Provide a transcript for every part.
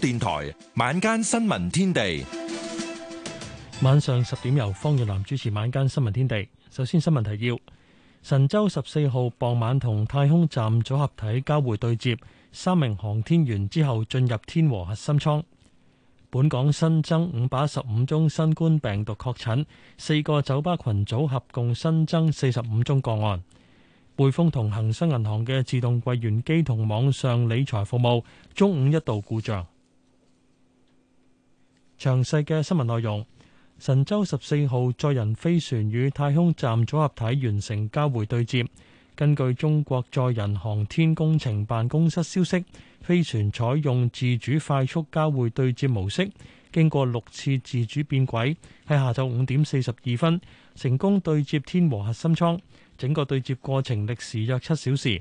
電台晚間新聞天地，晚上十點由方若男主持。晚間新聞天地，首先新聞提要：神舟十四號傍晚同太空站組合體交會對接，三名航天員之後進入天和核心艙。本港新增五百一十五宗新冠病毒確診，四個酒吧群組合共新增四十五宗個案。匯豐同恒生銀行嘅自動櫃員機同網上理財服務中午一度故障。詳細嘅新聞內容，神舟十四號載人飛船與太空站組合體完成交會對接。根據中國載人航天工程辦公室消息，飛船採用自主快速交會對接模式，經過六次自主變軌，喺下晝五點四十二分成功對接天和核心艙。整個對接過程歷時約七小時。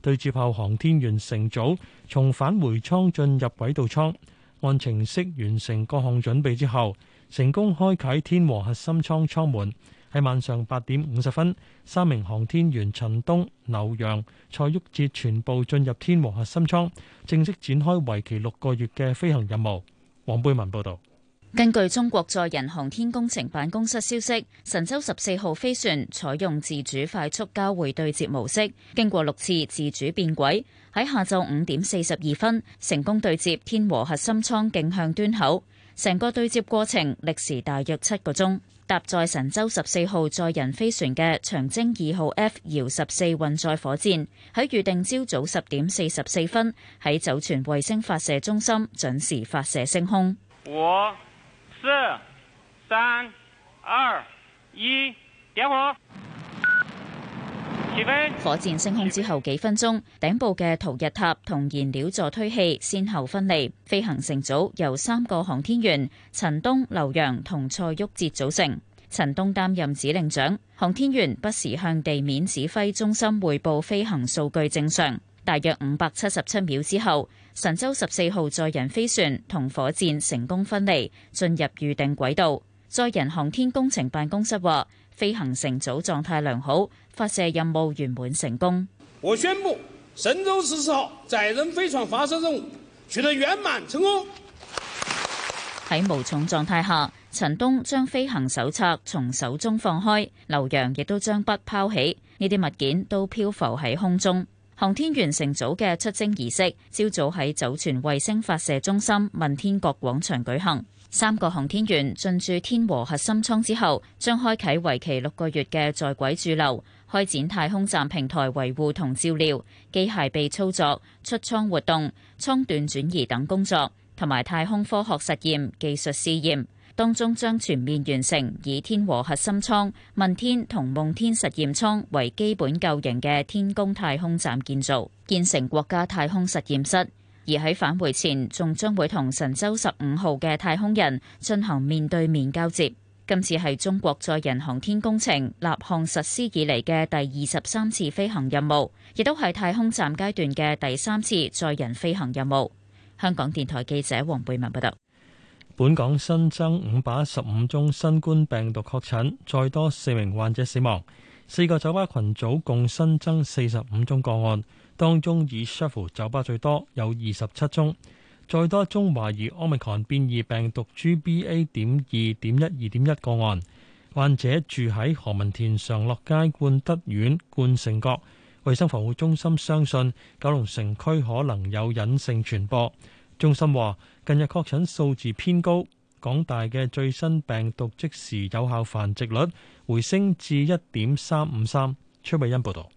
對接後，航天員乘組從返回艙進入軌道艙。按程式完成各項準備之後，成功開啓天和核心艙艙門。喺晚上八點五十分，三名航天員陳冬、劉洋、蔡旭哲全部進入天和核心艙，正式展開為期六個月嘅飛行任務。黃貝文報導。根據中國載人航天工程辦公室消息，神舟十四號飛船採用自主快速交會對接模式，經過六次自主變軌，喺下晝五點四十二分成功對接天和核心艙徑向端口。成個對接過程歷時大約七個鐘。搭載神舟十四號載人飛船嘅長征二號 F 遙十四運載火箭，喺預定朝早十點四十四分喺酒泉衛星發射中心準時發射升空。四、三、二、一，點火！起飛！火箭升空之後幾分鐘，頂部嘅逃逸塔同燃料助推器先後分離。飛行乘組由三個航天員陳冬、劉洋同蔡旭哲組成，陳冬擔任指令長。航天員不時向地面指揮中心匯報飛行數據正常。大約五百七十七秒之後。神舟十四號載人飛船同火箭成功分離，進入預定軌道。載人航天工程辦公室話，飛行乘組狀態良好，發射任務圓滿成功。我宣布，神舟十四號載人飛船發射任務取得圓滿成功。喺無重狀態下，陳東將飛行手冊從手中放開，劉洋亦都將筆拋起，呢啲物件都漂浮喺空中。航天員乘組嘅出征儀式，朝早喺酒泉衛星發射中心問天閣廣場舉行。三個航天員進駐天和核心艙之後，將開啟為期六個月嘅在軌駐留，開展太空站平台維護同照料、機械臂操作、出艙活動、艙段轉移等工作，同埋太空科學實驗、技術試驗。當中將全面完成以天和核心艙、問天同夢天實驗艙為基本構型嘅天宮太空站建造，建成國家太空實驗室。而喺返回前，仲將會同神舟十五號嘅太空人進行面對面交接。今次係中國載人航天工程立項實施以嚟嘅第二十三次飛行任務，亦都係太空站階段嘅第三次載人飛行任務。香港電台記者黃貝文報道。本港新增五百一十五宗新冠病毒確診，再多四名患者死亡。四個酒吧群組共新增四十五宗個案，當中以 Shuffle 酒吧最多，有二十七宗。再多一宗懷疑奧密克戎變異病毒 GBA. 點二點一二點一個案，患者住喺何文田常樂街冠德苑冠成閣。衛生防護中心相信，九龍城區可能有隱性傳播。中心話：近日確診數字偏高，港大嘅最新病毒即時有效繁殖率回升至一點三五三。崔美欣報導。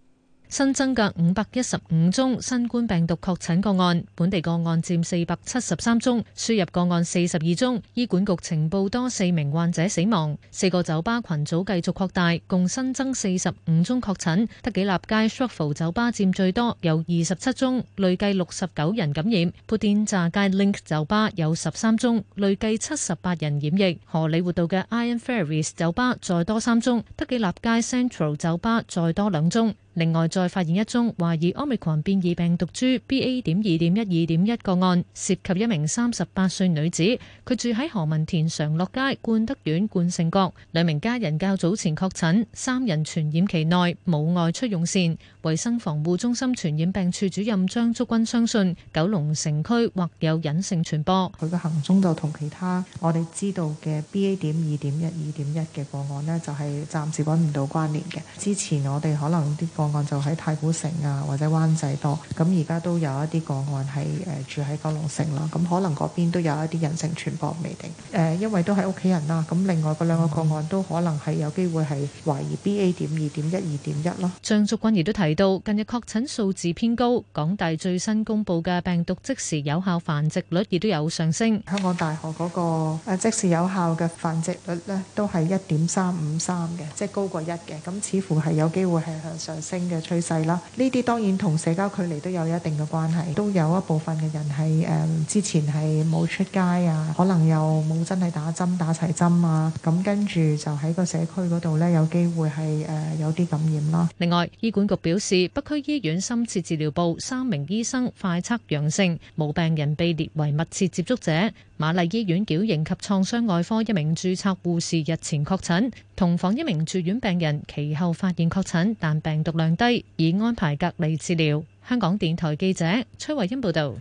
新增嘅五百一十五宗新冠病毒確診個案，本地個案佔四百七十三宗，輸入個案四十二宗。醫管局呈報多四名患者死亡。四個酒吧群組繼續擴大，共新增四十五宗確診。德己立街 Shuffle 酒吧佔最多，有二十七宗，累計六十九人感染。砵典乍街 Link 酒吧有十三宗，累計七十八人染疫。荷里活道嘅 Iron Fairies 酒吧再多三宗，德己立街 Central 酒吧再多兩宗。另外再發現一宗懷疑奧密克戎變異病毒株 B A. 點二點一二點一個案，涉及一名三十八歲女子，佢住喺何文田常樂街冠德苑冠盛閣，兩名家人較早前確診，三人傳染期內冇外出用膳。衛生防護中心傳染病處主任張竹君相信九龍城區或有隱性傳播，佢嘅行蹤就同其他我哋知道嘅 B A 點二點一、二點一嘅個案呢，就係、是、暫時揾唔到關聯嘅。之前我哋可能啲個案就喺太古城啊或者灣仔多，咁而家都有一啲個案係誒住喺九龍城啦，咁可能嗰邊都有一啲隱性傳播未定。誒，因為都係屋企人啦，咁另外嗰兩個個案都可能係有機會係懷疑 B A 點二點一、二點一咯。張竹君亦都睇。到近日確診數字偏高，港大最新公布嘅病毒即時有效繁殖率亦都有上升。香港大學嗰個誒即時有效嘅繁殖率呢，都係一點三五三嘅，即係高過一嘅。咁似乎係有機會係向上升嘅趨勢啦。呢啲當然同社交距離都有一定嘅關係，都有一部分嘅人係誒之前係冇出街啊，可能又冇真係打針打齊針啊，咁跟住就喺個社區嗰度呢有機會係誒有啲感染啦。另外，醫管局表示。時北區醫院深切治療部三名醫生快測陽性，無病人被列為密切接觸者。瑪麗醫院矯形及創傷外科一名註冊護士日前確診，同房一名住院病人，其後發現確診，但病毒量低，已安排隔離治療。香港電台記者崔慧欣報道。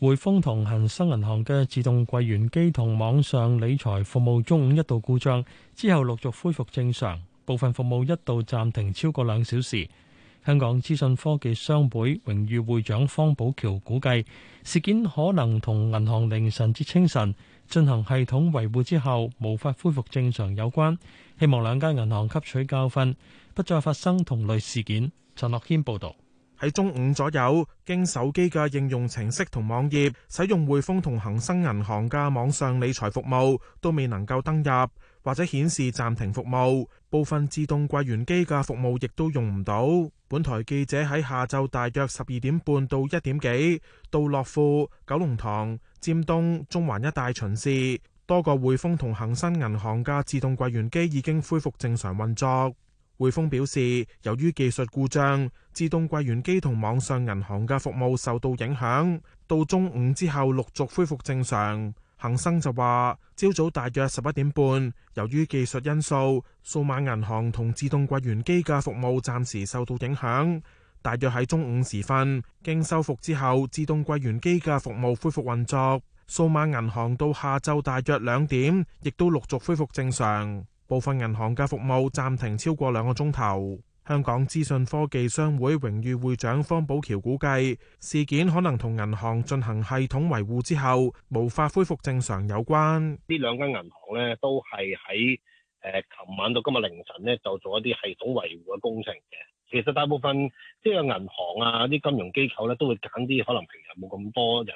匯豐同恒生銀行嘅自動櫃員機同網上理財服務中午一度故障，之後陸續恢復正常，部分服務一度暫停超過兩小時。香港資訊科技商會榮譽會長方寶橋，估計事件可能同銀行凌晨至清晨進行系統維護之後，無法恢復正常有關。希望兩間銀行吸取教訓，不再發生同類事件。陳樂軒報導。喺中午左右，經手機嘅應用程式同網頁使用匯豐同恒生銀行嘅網上理財服務，都未能夠登入，或者顯示暫停服務，部分自動櫃員機嘅服務亦都用唔到。本台記者喺下晝大約十二點半到一點幾，到樂富、九龍塘、尖東、中環一帶巡視，多個匯豐同恒生銀行嘅自動櫃員機已經恢復正常運作。匯豐表示，由於技術故障，自動櫃員機同網上銀行嘅服務受到影響，到中午之後陸續恢復正常。恒生就話，朝早大約十一點半，由於技術因素，數碼銀行同自動櫃員機嘅服務暫時受到影響。大約喺中午時分，經修復之後，自動櫃員機嘅服務恢復運作，數碼銀行到下晝大約兩點，亦都陸續恢復正常。部分銀行嘅服務暫停超過兩個鐘頭。香港資訊科技商會榮譽會長方寶橋估計，事件可能同銀行進行系統維護之後無法恢復正常有關。兩銀呢兩間銀行咧都係喺誒琴晚到今日凌晨咧就做一啲系統維護嘅工程嘅。其實大部分即係銀行啊啲金融機構咧都會揀啲可能平日冇咁多人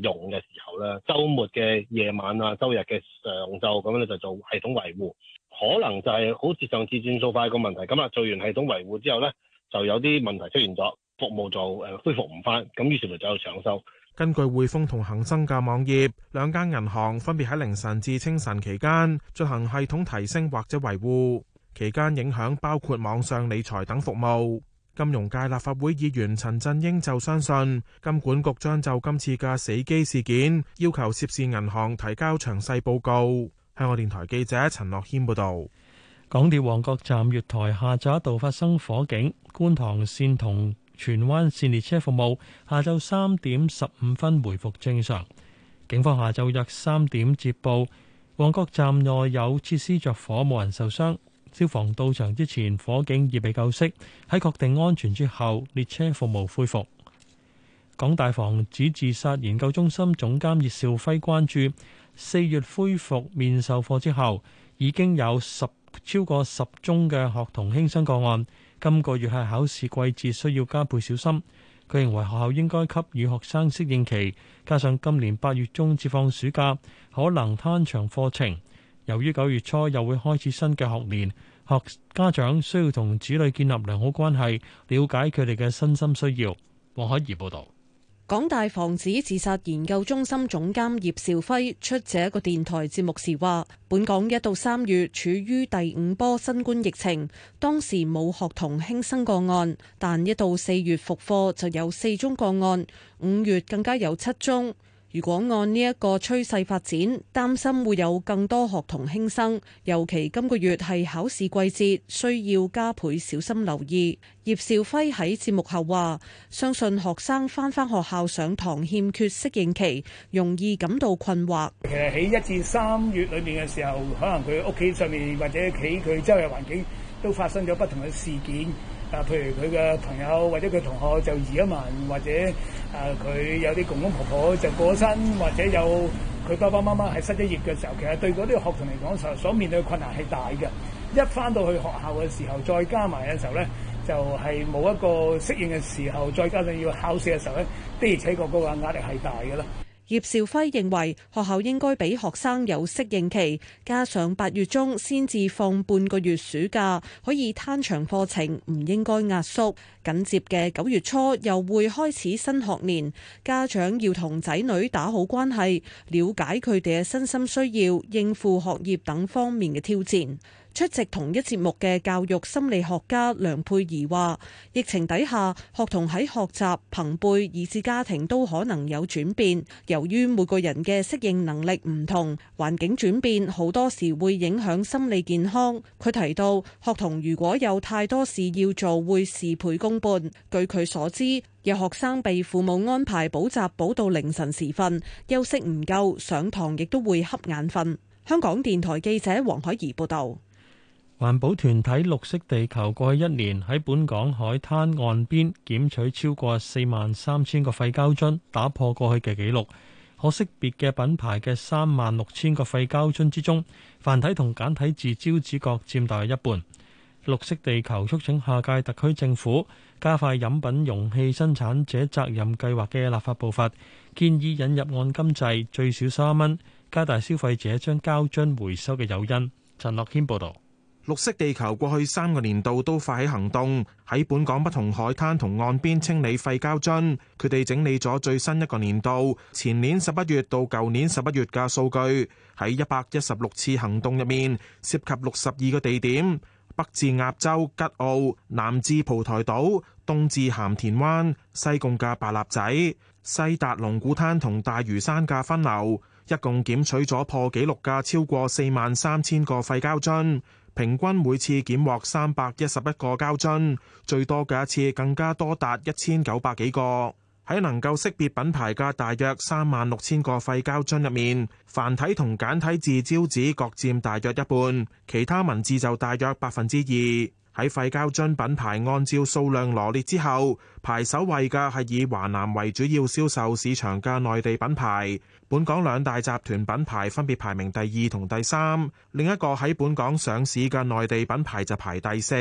誒用嘅時候咧，週末嘅夜晚啊、周日嘅上晝咁樣咧就做系統維護。可能就係好似上次轉數快個問題咁啊！做完系統維護之後呢，就有啲問題出現咗，服務就誒恢復唔翻，咁於是咪就搶修。根據匯豐同恒生嘅網頁，兩間銀行分別喺凌晨至清晨期間進行系統提升或者維護，期間影響包括網上理財等服務。金融界立法會議員陳振英就相信，金管局將就今次嘅死機事件要求涉事銀行提交詳細報告。香港電台記者陳樂謙報道，港鐵旺角站月台下晝一度發生火警，觀塘綫同荃灣綫列車服務下晝三點十五分回復正常。警方下晝約三點接報，旺角站內有設施着火，冇人受傷。消防到場之前，火警已被救熄。喺確定安全之後，列車服務恢復。港大防止自殺研究中心總監葉兆輝關注。四月恢復面授課之後，已經有十超過十宗嘅學童輕生個案。今個月係考試季節，需要加倍小心。佢認為學校應該給予學生適應期，加上今年八月中至放暑假，可能攤長課程。由於九月初又會開始新嘅學年，學家長需要同子女建立良好關係，了解佢哋嘅身心需要。黃海怡報導。港大防止自殺研究中心總監葉兆輝出席一個電台節目時話，本港一到三月處於第五波新冠疫情，當時冇學童輕生個案，但一到四月復課就有四宗個案，五月更加有七宗。如果按呢一個趨勢發展，擔心會有更多學童輕生，尤其今個月係考試季節，需要加倍小心留意。葉兆輝喺節目後話，相信學生翻翻學校上堂欠缺適應期，容易感到困惑。其實喺一至三月裏邊嘅時候，可能佢屋企上面或者喺佢周圍環境都發生咗不同嘅事件。啊，譬如佢嘅朋友或者佢同學就移咗民，或者啊佢有啲公公婆，婆婆就過身，或者有佢爸爸媽媽係失咗業嘅時候，其實對嗰啲學童嚟講所所面對嘅困難係大嘅。一翻到去學校嘅時候，再加埋嘅時候咧，就係、是、冇一個適應嘅時候，再加上要考試嘅時候咧，的而且確嘅話，壓力係大嘅啦。葉兆輝認為，學校應該俾學生有適應期，加上八月中先至放半個月暑假，可以攤長課程，唔應該壓縮。緊接嘅九月初又會開始新學年，家長要同仔女打好關係，了解佢哋嘅身心需要，應付學業等方面嘅挑戰。出席同一節目嘅教育心理學家梁佩儀話，疫情底下學童喺學習、朋輩以至家庭都可能有轉變。由於每個人嘅適應能力唔同，環境轉變好多時會影響心理健康。佢提到，學童如果有太多事要做，會事倍功半。據佢所知，有學生被父母安排補習，補到凌晨時分，休息唔夠，上堂亦都會瞌眼瞓。香港電台記者黃海怡報道。環保團體綠色地球過去一年喺本港海灘岸邊撿取超過四萬三千個廢膠樽，打破過去嘅紀錄。可識別嘅品牌嘅三萬六千個廢膠樽之中，繁體同簡體字招紙各佔大約一半。綠色地球促請下屆特區政府加快飲品容器生產者責任計劃嘅立法步伐，建議引入按金制，最少三蚊，加大消費者將膠樽回收嘅誘因。陳樂謙報道。綠色地球過去三個年度都發起行動，喺本港不同海灘同岸邊清理廢膠樽。佢哋整理咗最新一個年度，前年十一月到舊年十一月嘅數據，喺一百一十六次行動入面，涉及六十二個地點，北至鴨洲吉澳、南至蒲台島，東至咸田灣、西貢嘅白蠟仔，西達龍鼓灘同大嶼山嘅分流，一共檢取咗破紀錄嘅超過四萬三千個廢膠樽。平均每次檢獲三百一十一個膠樽，最多嘅一次更加多達一千九百幾個。喺能夠識別品牌嘅大約三萬六千個廢膠樽入面，繁體同簡體字招紙各佔大約一半，其他文字就大約百分之二。喺廢膠樽品牌按照數量羅列之後，排首位嘅係以華南為主要銷售市場嘅內地品牌。本港兩大集團品牌分別排名第二同第三，另一個喺本港上市嘅內地品牌就排第四。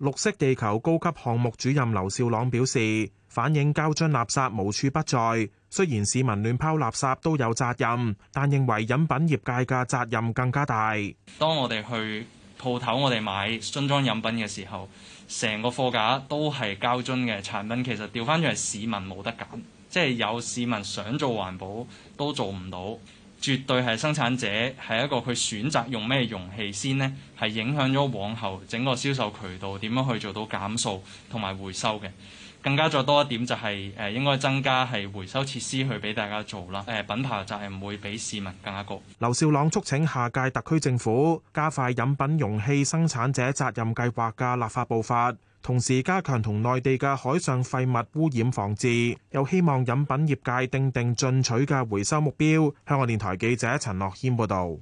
綠色地球高級項目主任劉少朗表示，反映膠樽垃圾無處不在。雖然市民亂拋垃圾都有責任，但認為飲品業界嘅責任更加大。當我哋去鋪頭，我哋買樽裝飲品嘅時候，成個貨架都係膠樽嘅產品，其實調翻轉係市民冇得揀。即係有市民想做環保都做唔到，絕對係生產者係一個佢選擇用咩容器先呢，係影響咗往後整個銷售渠道點樣去做到減數同埋回收嘅。更加再多一點就係、是、誒、呃、應該增加係回收設施去俾大家做啦。誒、呃、品牌就係唔會比市民更加高。劉少朗促請下屆特區政府加快飲品容器生產者責任計劃嘅立法步伐。同時加強同內地嘅海上廢物污染防治，又希望飲品業界定定進取嘅回收目標。香港電台記者陳樂軒報導，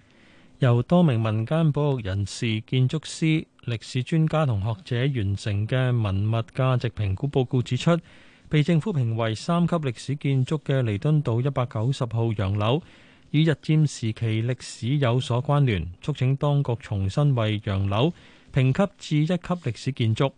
由多名民間保育人士、建築師、歷史專家同學者完成嘅文物價值評估報告指出，被政府評為三級歷史建築嘅彌敦道一百九十號洋樓，與日佔時期歷史有所關聯，促請當局重新為洋樓評級至一級歷史建築。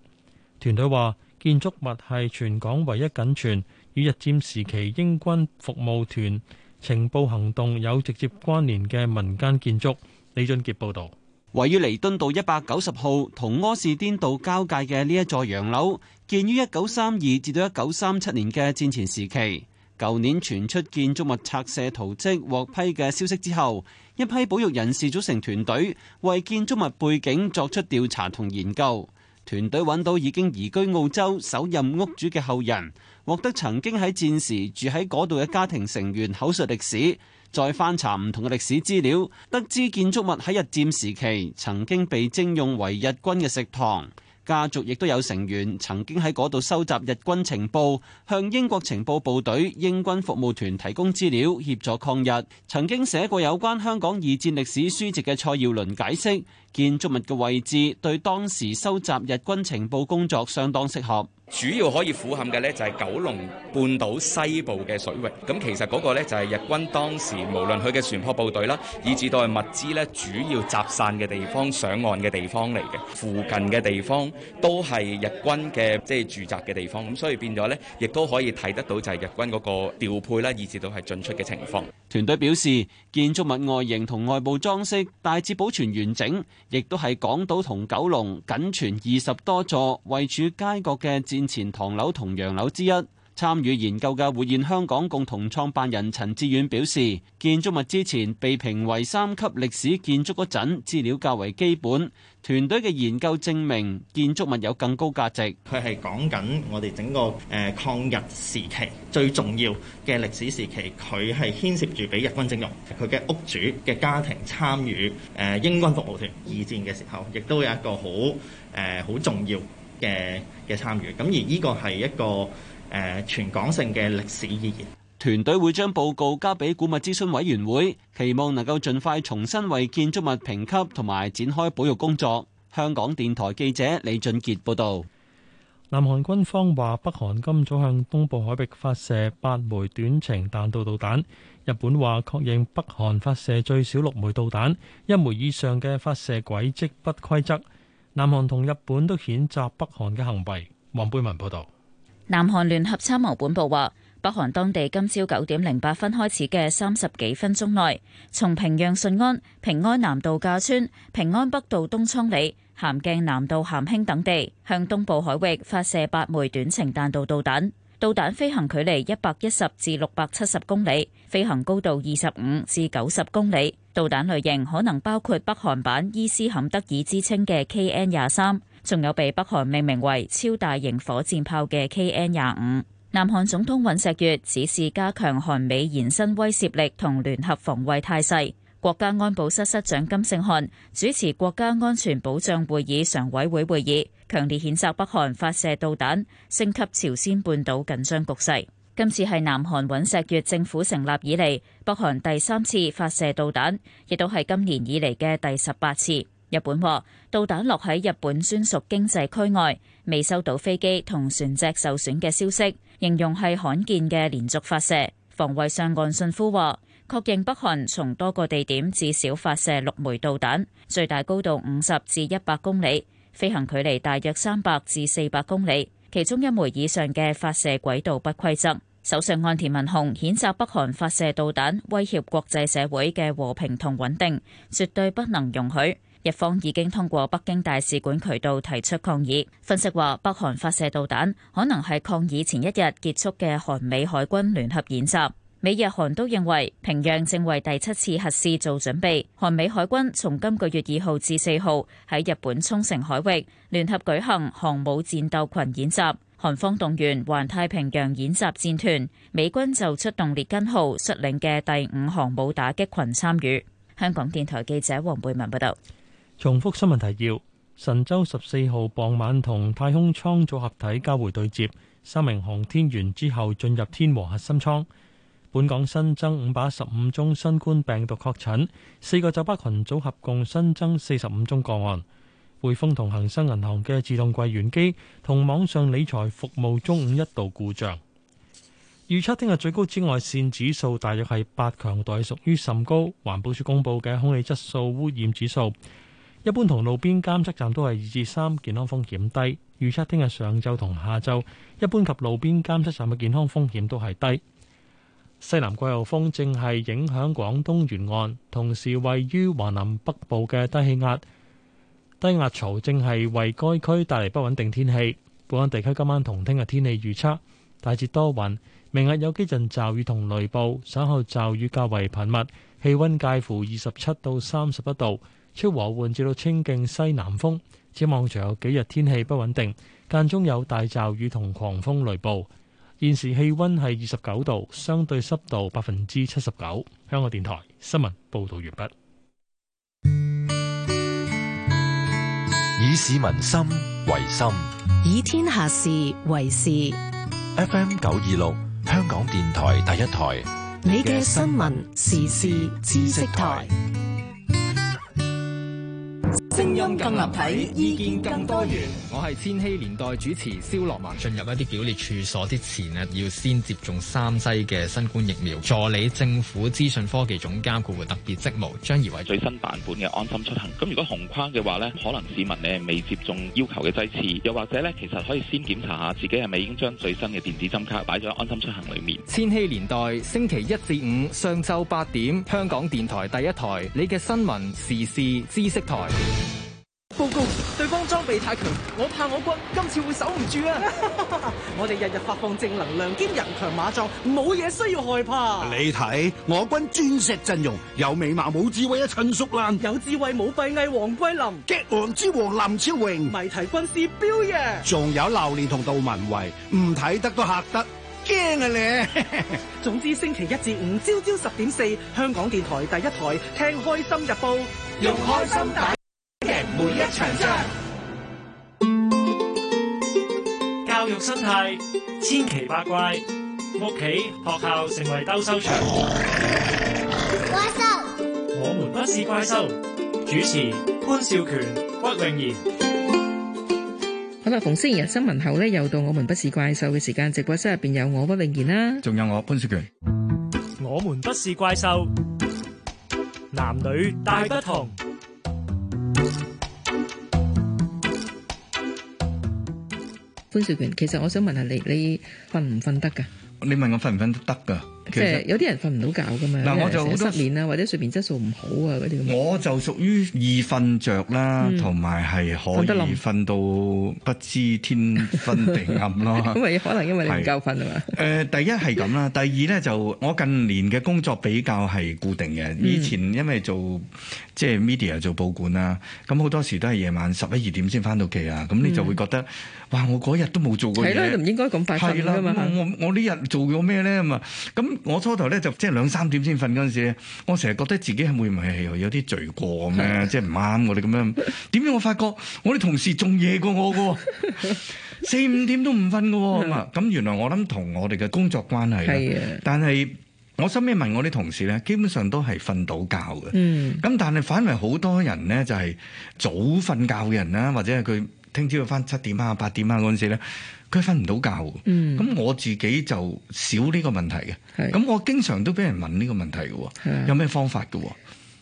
團隊話，建築物係全港唯一僅存與日佔時期英軍服務團情報行動有直接關聯嘅民間建築。李俊傑報導，位於彌敦道一百九十號同柯士甸道交界嘅呢一座洋樓，建於一九三二至到一九三七年嘅戰前時期。舊年傳出建築物拆卸圖則獲批嘅消息之後，一批保育人士組成團隊，為建築物背景作出調查同研究。團隊揾到已經移居澳洲、首任屋主嘅後人，獲得曾經喺戰時住喺嗰度嘅家庭成員口述歷史，再翻查唔同嘅歷史資料，得知建築物喺日戰時期曾經被徵用為日軍嘅食堂，家族亦都有成員曾經喺嗰度收集日軍情報，向英國情報部隊英軍服務團提供資料協助抗日。曾經寫過有關香港二戰歷史書籍嘅蔡耀倫解釋。建築物嘅位置對當時收集日軍情報工作相當適合，主要可以俯瞰嘅咧就係九龍半島西部嘅水域。咁其實嗰個咧就係日軍當時無論佢嘅船舶部隊啦，以至到係物資咧主要集散嘅地方，上岸嘅地方嚟嘅。附近嘅地方都係日軍嘅即係住宅嘅地方，咁所以變咗咧亦都可以睇得到就係日軍嗰個調配啦，以至到係進出嘅情況。團隊表示，建築物外形同外部裝飾大致保存完整，亦都係港島同九龍僅存二十多座位處街角嘅戰前唐樓同洋樓之一。參與研究嘅活現香港共同創辦人陳志遠表示，建築物之前被評為三級歷史建築嗰陣，資料較為基本。團隊嘅研究證明，建築物有更高價值。佢係講緊我哋整個誒抗日時期最重要嘅歷史時期，佢係牽涉住俾日軍徵用，佢嘅屋主嘅家庭參與誒英軍服務團二戰嘅時候，亦都有一個好誒好重要嘅嘅參與。咁而呢個係一個，誒，全港性嘅歷史意義，團隊會將報告交俾古物諮詢委員會，期望能夠盡快重新為建築物評級同埋展開保育工作。香港電台記者李俊傑報道。南韓軍方話北韓今早向東部海域發射八枚短程彈道導彈，日本話確認北韓發射最少六枚導彈，一枚以上嘅發射軌跡不規則。南韓同日本都譴責北韓嘅行為。黃貝文報道。南韓聯合參謀本部話，北韓當地今朝九點零八分開始嘅三十幾分鐘內，從平壤、順安、平安南道架村、平安北道東倉里、咸鏡南道咸興等地向東部海域發射八枚短程彈道導彈，導彈飛行距離一百一十至六百七十公里，飛行高度二十五至九十公里，導彈類型可能包括北韓版伊斯坎德爾之稱嘅 KN 廿三。23，仲有被北韓命名為超大型火箭炮嘅 KN-25。南韓總統尹錫悅指示加強韓美延伸威懾力同聯合防衛態勢。國家安保室室長金聖翰主持國家安全保障會議常委會會議，強烈譴責北韓發射導彈，升級朝鮮半島緊張局勢。今次係南韓尹錫悅政府成立以嚟，北韓第三次發射導彈，亦都係今年以嚟嘅第十八次。日本話導彈落喺日本專屬經濟區外，未收到飛機同船隻受損嘅消息，形容係罕見嘅連續發射。防衛上岸信夫話確認北韓從多個地點至少發射六枚導彈，最大高度五十至一百公里，飛行距離大約三百至四百公里，其中一枚以上嘅發射軌道不規則。首相岸田文雄譴責北韓發射導彈威脅國際社會嘅和平同穩定，絕對不能容許。日方已經通過北京大使館渠道提出抗議。分析話，北韓發射導彈可能係抗議前一日結束嘅韓美海軍聯合演習。美日韓都認為平壤正為第七次核試做準備。韓美海軍從今個月二號至四號喺日本沖繩海域聯合舉行航母戰鬥群演習，韓方動員環太平洋演習戰團，美軍就出動列根號率領嘅第五航母打擊群參與。香港電台記者黃貝文報道。重複新聞提要：神舟十四號傍晚同太空艙組合體交會對接，三名航天員之後進入天和核心艙。本港新增五百一十五宗新冠病毒確診，四個酒吧群組合共新增四十五宗個案。匯豐同恒生銀行嘅自動櫃員機同網上理財服務中午一度故障。預測聽日最高紫外線指數大約係八強，代屬於甚高。環保署公布嘅空氣質素污染指數。一般同路邊監測站都係二至三，健康風險低。預測聽日上晝同下晝一般及路邊監測站嘅健康風險都係低。西南季候風正係影響廣東沿岸，同時位於華南北部嘅低氣壓低壓槽正係為該區帶嚟不穩定天氣。本港地區今晚同聽日天氣預測，大致多雲，明日有幾陣驟雨同雷暴，稍後驟雨較為頻密，氣溫介乎二十七到三十一度。吹和緩至到清勁西南風，展望仲有幾日天氣不穩定，間中有大驟雨同狂風雷暴。現時氣溫係二十九度，相對濕度百分之七十九。香港電台新聞報道完畢。以市民心為心，以天下事為事。FM 九二六，香港電台第一台，你嘅新聞時事知識台。聲音更立體，意見更多元。我係千禧年代主持蕭樂文。進入一啲表列處所之前啊，要先接種三劑嘅新冠疫苗。助理政府資訊科技總監顧會會特別職務，將移為最新版本嘅安心出行。咁如果紅框嘅話咧，可能市民咧未接種要求嘅劑次，又或者咧，其實可以先檢查下自己係咪已經將最新嘅電子針卡擺咗安心出行裏面。千禧年代星期一至五上晝八點，香港電台第一台，你嘅新聞時事知識台。報告，對方裝備太強，我怕我軍今次會守唔住啊！我哋日日發放正能量，兼人強馬壯，冇嘢需要害怕。你睇，我軍鑽石陣容，有美貌冇智慧嘅陳叔爛，有智慧冇閉翳黃桂林，激昂之王林超榮，謎題軍師彪爺，仲有榴槤同杜文慧，唔睇得都嚇得驚啊咧！總之，星期一至五朝朝十點四，香港電台第一台聽《開心日報》，用開心打。教育生態千奇百怪，屋企學校成為鬥獸場。怪獸獸，我們不是怪獸。主持潘少權、屈永賢。好啦，逢星期日新聞後呢，又到我們不是怪獸嘅時間。直播室入邊有我屈永賢啦，仲有我潘少權。我們不是怪獸，男女大不同。 潘少權，其實我想問下你，你瞓唔瞓得噶？你問我瞓唔瞓得得噶？即係有啲人瞓唔到覺嘅嘛，嗱我就好失眠啊，或者睡眠質素唔好啊嗰啲。我就屬於易瞓着啦，同埋係可以瞓到不知天昏地暗咯。咁咪可能因為你唔夠瞓啊嘛？誒，第一係咁啦，第二咧就我近年嘅工作比較係固定嘅，以前因為做即係 media 做報館啦，咁好多時都係夜晚十一二點先翻到屋企啊，咁你就會覺得哇，我嗰日都冇做過嘢，係咯，就唔應該咁快瞓㗎嘛。我呢日做咗咩咧嘛？咁我初頭咧就即係兩三點先瞓嗰陣時，我成日覺得自己係咪咪有有啲罪過咩？即係唔啱我哋咁樣。點解我發覺我啲同事仲夜過我噶，四五點都唔瞓噶。咁咁的原來我諗同我哋嘅工作關係啦。但係我身邊問我啲同事咧，基本上都係瞓到覺嘅。咁但係反為好多人咧就係、是、早瞓覺嘅人啦，或者係佢。聽朝要返七點啊、八點啊嗰陣時咧，佢瞓唔到覺嘅。嗯，咁我自己就少呢個問題嘅。係是，咁我經常都俾人問呢個問題嘅喎，的有咩方法嘅？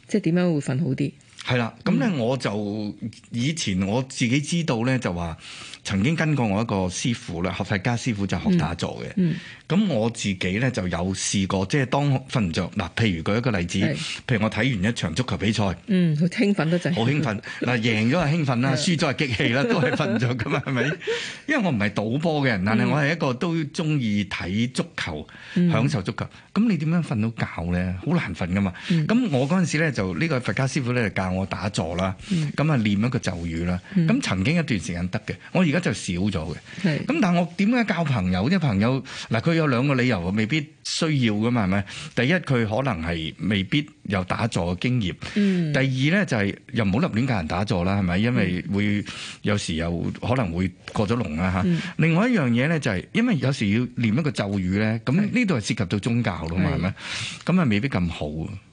即係點樣會瞓好啲？係啦，咁咧我就以前我自己知道咧，就話。曾經跟過我一個師傅咧，學佛家師傅就學打坐嘅。咁、嗯、我自己咧就有試過，即係當瞓唔着。嗱、呃，譬如舉一個例子，譬如我睇完一場足球比賽，嗯，好興奮都就係，好興奮嗱、呃，贏咗啊興奮啦， 輸咗啊激氣啦，都係瞓唔著噶嘛，係咪？因為我唔係賭波嘅人，但係我係一個都中意睇足球、嗯、享受足球。咁你點樣瞓到覺咧？好難瞓噶嘛。咁、嗯、我嗰陣時咧就呢、呢個佛家師傅咧就教我打坐啦，咁啊唸一個咒語啦。咁、嗯、曾經一段時間得嘅，我而家就少咗嘅，咁是但係我點解教朋友即朋友嗱？佢有兩個理由啊，未必需要噶嘛，係咪？第一，佢可能係未必有打坐經驗。嗯、第二咧就係、是、又唔好立亂教人打坐啦，係咪？因為會、嗯、有時又可能會過咗龍啦吓。嗯、另外一樣嘢咧就係、是，因為有時要念一個咒語咧，咁呢度係涉及到宗教噶嘛，係咪是？咁啊未必咁好。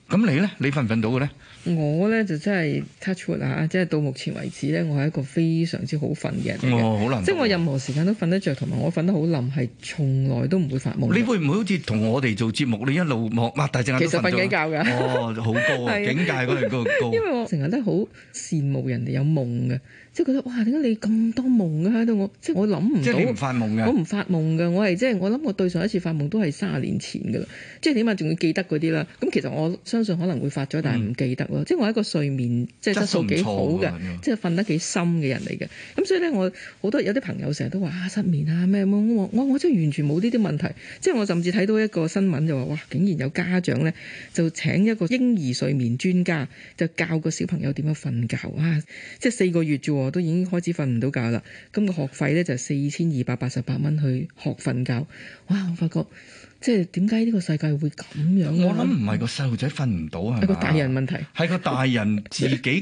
咁你咧，你瞓唔瞓到嘅咧？我咧就真係 touch wood 嚇、啊，即係到目前為止咧，我係一個非常之好瞓嘅人、哦、即係我任何時間都瞓得着，同埋我瞓得好冧，係從來都唔會發夢。你會唔會好似同我哋做節目？你一路擘、啊、大但隻眼其實瞓緊覺㗎。 哦，好多、啊、 境界嗰個高。 因為我成日都好羨慕人哋有夢嘅，即係覺得哇！點解你咁多夢㗎？喺度我即係我諗唔到。即係點發夢嘅？我唔發夢㗎，就是、我係即係我諗我對上一次發夢都係三十年前㗎啦。即係起碼仲要記得嗰啲啦。咁其實我相信可能會發咗，但係唔記得。嗯即係我一個睡眠即係質素幾好嘅，即係瞓得幾深嘅人嚟嘅。咁所以咧，我好多有啲朋友成日都話啊失眠啊咩？我我真係完全冇呢啲問題。即係我甚至睇到一個新聞就話哇，竟然有家長咧就請一個嬰兒睡眠專家就教個小朋友點樣瞓覺。哇！即係四個月啫，都已經開始瞓唔到覺啦。咁個學費咧就四千二百八十八蚊去學瞓覺。哇！我發覺。即係點解呢個世界會咁樣？我諗唔係個細路仔瞓唔到係嘛？係個大人問題，係個大人自己。